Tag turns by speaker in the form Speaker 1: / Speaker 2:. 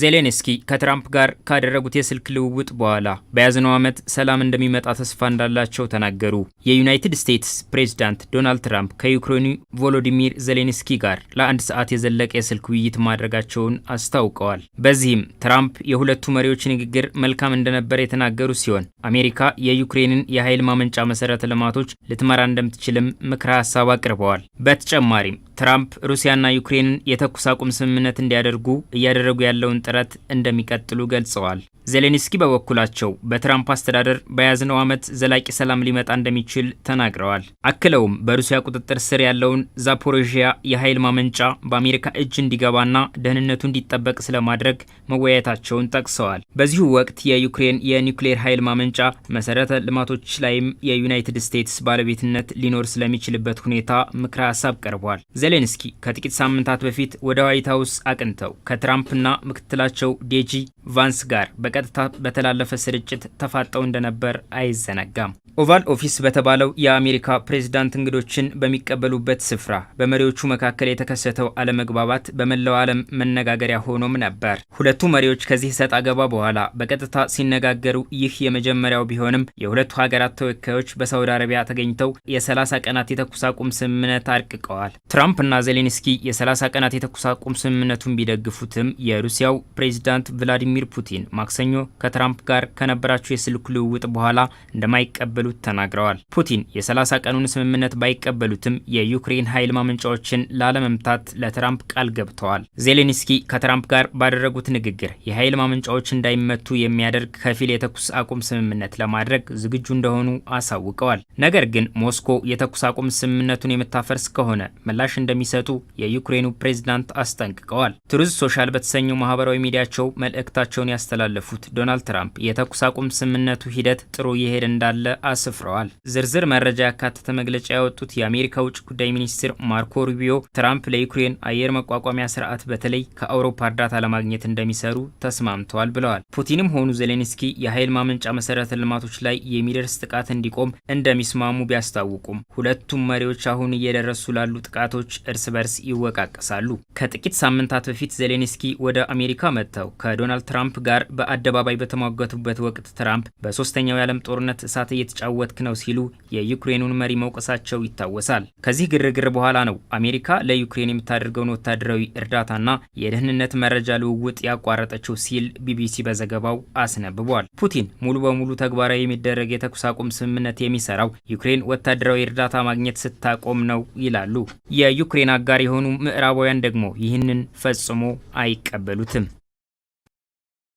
Speaker 1: ዜሌንስኪ ከትራምፕ ጋር ካደረጉት የስልክ ልውውጥ በኋላ በያዝነው ዓመት ሰላም እንደሚመጣ ተስፋ እንዳላቸው ተናገሩ። የዩናይትድ ስቴትስ ፕሬዝዳንት ዶናልድ ትራምፕ ከዩክሬኑ ቮሎዲሚር ዜሌንስኪ ጋር ለአንድ ሰዓት የዘለቀ የስልክ ውይይት ማድረጋቸውን አስታውቀዋል። በዚህም ትራምፕ የሁለቱ መሪዎች ንግግር መልካም እንደነበር የተናገሩ ሲሆን አሜሪካ የዩክሬንን የኃይል ማመንጫ መሰረተ ልማቶች ልትመራ እንደምትችልም ምክረ ሀሳብ አቅርበዋል። በተጨማሪም ትራምፕ ሩሲያና ዩክሬን የተኩስ አቁም ስምምነት እንዲያደርጉ እያደረጉ ያለውን ጥረት እንደሚቀጥሉ ገልጸዋል። ዜሌንስኪ በበኩላቸው በትራምፕ አስተዳደር በያዝነው ዓመት ዘላቂ ሰላም ሊመጣ እንደሚችል ተናግረዋል። አክለውም በሩሲያ ቁጥጥር ስር ያለውን ዛፖሮዥያ የኃይል ማመንጫ በአሜሪካ እጅ እንዲገባና ደህንነቱ እንዲጠበቅ ስለማድረግ መወያየታቸውን ጠቅሰዋል። በዚሁ ወቅት የዩክሬን የኒውክሌር ኃይል ማመንጫ መሰረተ ልማቶች ላይም የዩናይትድ ስቴትስ ባለቤትነት ሊኖር ስለሚችልበት ሁኔታ ምክረ ሀሳብ ቀርቧል። ዜሌንስኪ ከጥቂት ሳምንታት በፊት ወደ ዋይት ሀውስ አቅንተው ከትራምፕና ምክትላቸው ዴጂ ቫንስ ጋር በቀጥታ በተላለፈ ስርጭት ተፋጠው እንደነበር አይዘነጋም። ኦቫል ኦፊስ በተባለው የአሜሪካ ፕሬዝዳንት እንግዶችን በሚቀበሉበት ስፍራ በመሪዎቹ መካከል የተከሰተው አለመግባባት በመላው ዓለም መነጋገሪያ ሆኖም ነበር። ሁለቱ መሪዎች ከዚህ ሰጥ አገባ በኋላ በቀጥታ ሲነጋገሩ ይህ የመጀመሪያው ቢሆንም የሁለቱ ሀገራት ተወካዮች በሳውዲ አረቢያ ተገኝተው የ30 ቀናት የተኩስ አቁም ስምምነት አርቅቀዋል። ትራምፕና ዜሌንስኪ የ30 ቀናት የተኩስ አቁም ስምምነቱን ቢደግፉትም የሩሲያው ፕሬዝዳንት ቭላዲሚር ፑቲን ማክሰኞ ከትራምፕ ጋር ከነበራቸው የስልክ ልውውጥ በኋላ እንደማይቀበሉ እንደሚቀበሉት ተናግረዋል። ፑቲን የ30 ቀኑን ስምምነት ባይቀበሉትም የዩክሬን ኃይል ማመንጫዎችን ላለመምታት ለትራምፕ ቃል ገብተዋል። ዜሌንስኪ ከትራምፕ ጋር ባደረጉት ንግግር የኃይል ማመንጫዎች እንዳይመቱ የሚያደርግ ከፊል የተኩስ አቁም ስምምነት ለማድረግ ዝግጁ እንደሆኑ አሳውቀዋል። ነገር ግን ሞስኮ የተኩስ አቁም ስምምነቱን የምታፈርስ ከሆነ ምላሽ እንደሚሰጡ የዩክሬኑ ፕሬዝዳንት አስጠንቅቀዋል። ትሩዝ ሶሻል በተሰኘው ማህበራዊ ሚዲያቸው መልእክታቸውን ያስተላለፉት ዶናልድ ትራምፕ የተኩስ አቁም ስምምነቱ ሂደት ጥሩ እየሄደ እንዳለ አ አስፍረዋል። ዝርዝር መረጃ ያካተተ መግለጫ ያወጡት የአሜሪካ ውጭ ጉዳይ ሚኒስትር ማርኮ ሩቢዮ ትራምፕ ለዩክሬን አየር መቋቋሚያ ስርዓት በተለይ ከአውሮፓ እርዳታ ለማግኘት እንደሚሰሩ ተስማምተዋል ብለዋል። ፑቲንም ሆኑ ዜሌንስኪ የኃይል ማመንጫ መሰረተ ልማቶች ላይ የሚደርስ ጥቃት እንዲቆም እንደሚስማሙ ቢያስታውቁም ሁለቱም መሪዎች አሁን እየደረሱ ላሉ ጥቃቶች እርስ በርስ ይወቃቀሳሉ። ከጥቂት ሳምንታት በፊት ዜሌንስኪ ወደ አሜሪካ መጥተው ከዶናልድ ትራምፕ ጋር በአደባባይ በተሟገቱበት ወቅት ትራምፕ በሶስተኛው የዓለም ጦርነት እሳት እየተጫ እየተጫወትክ ነው ሲሉ የዩክሬኑን መሪ መውቀሳቸው ይታወሳል። ከዚህ ግርግር በኋላ ነው አሜሪካ ለዩክሬን የምታደርገውን ወታደራዊ እርዳታና የደህንነት መረጃ ልውውጥ ያቋረጠችው ሲል ቢቢሲ በዘገባው አስነብቧል። ፑቲን ሙሉ በሙሉ ተግባራዊ የሚደረግ የተኩስ አቁም ስምምነት የሚሰራው ዩክሬን ወታደራዊ እርዳታ ማግኘት ስታቆም ነው ይላሉ። የዩክሬን አጋር የሆኑ ምዕራባውያን ደግሞ ይህንን ፈጽሞ አይቀበሉትም።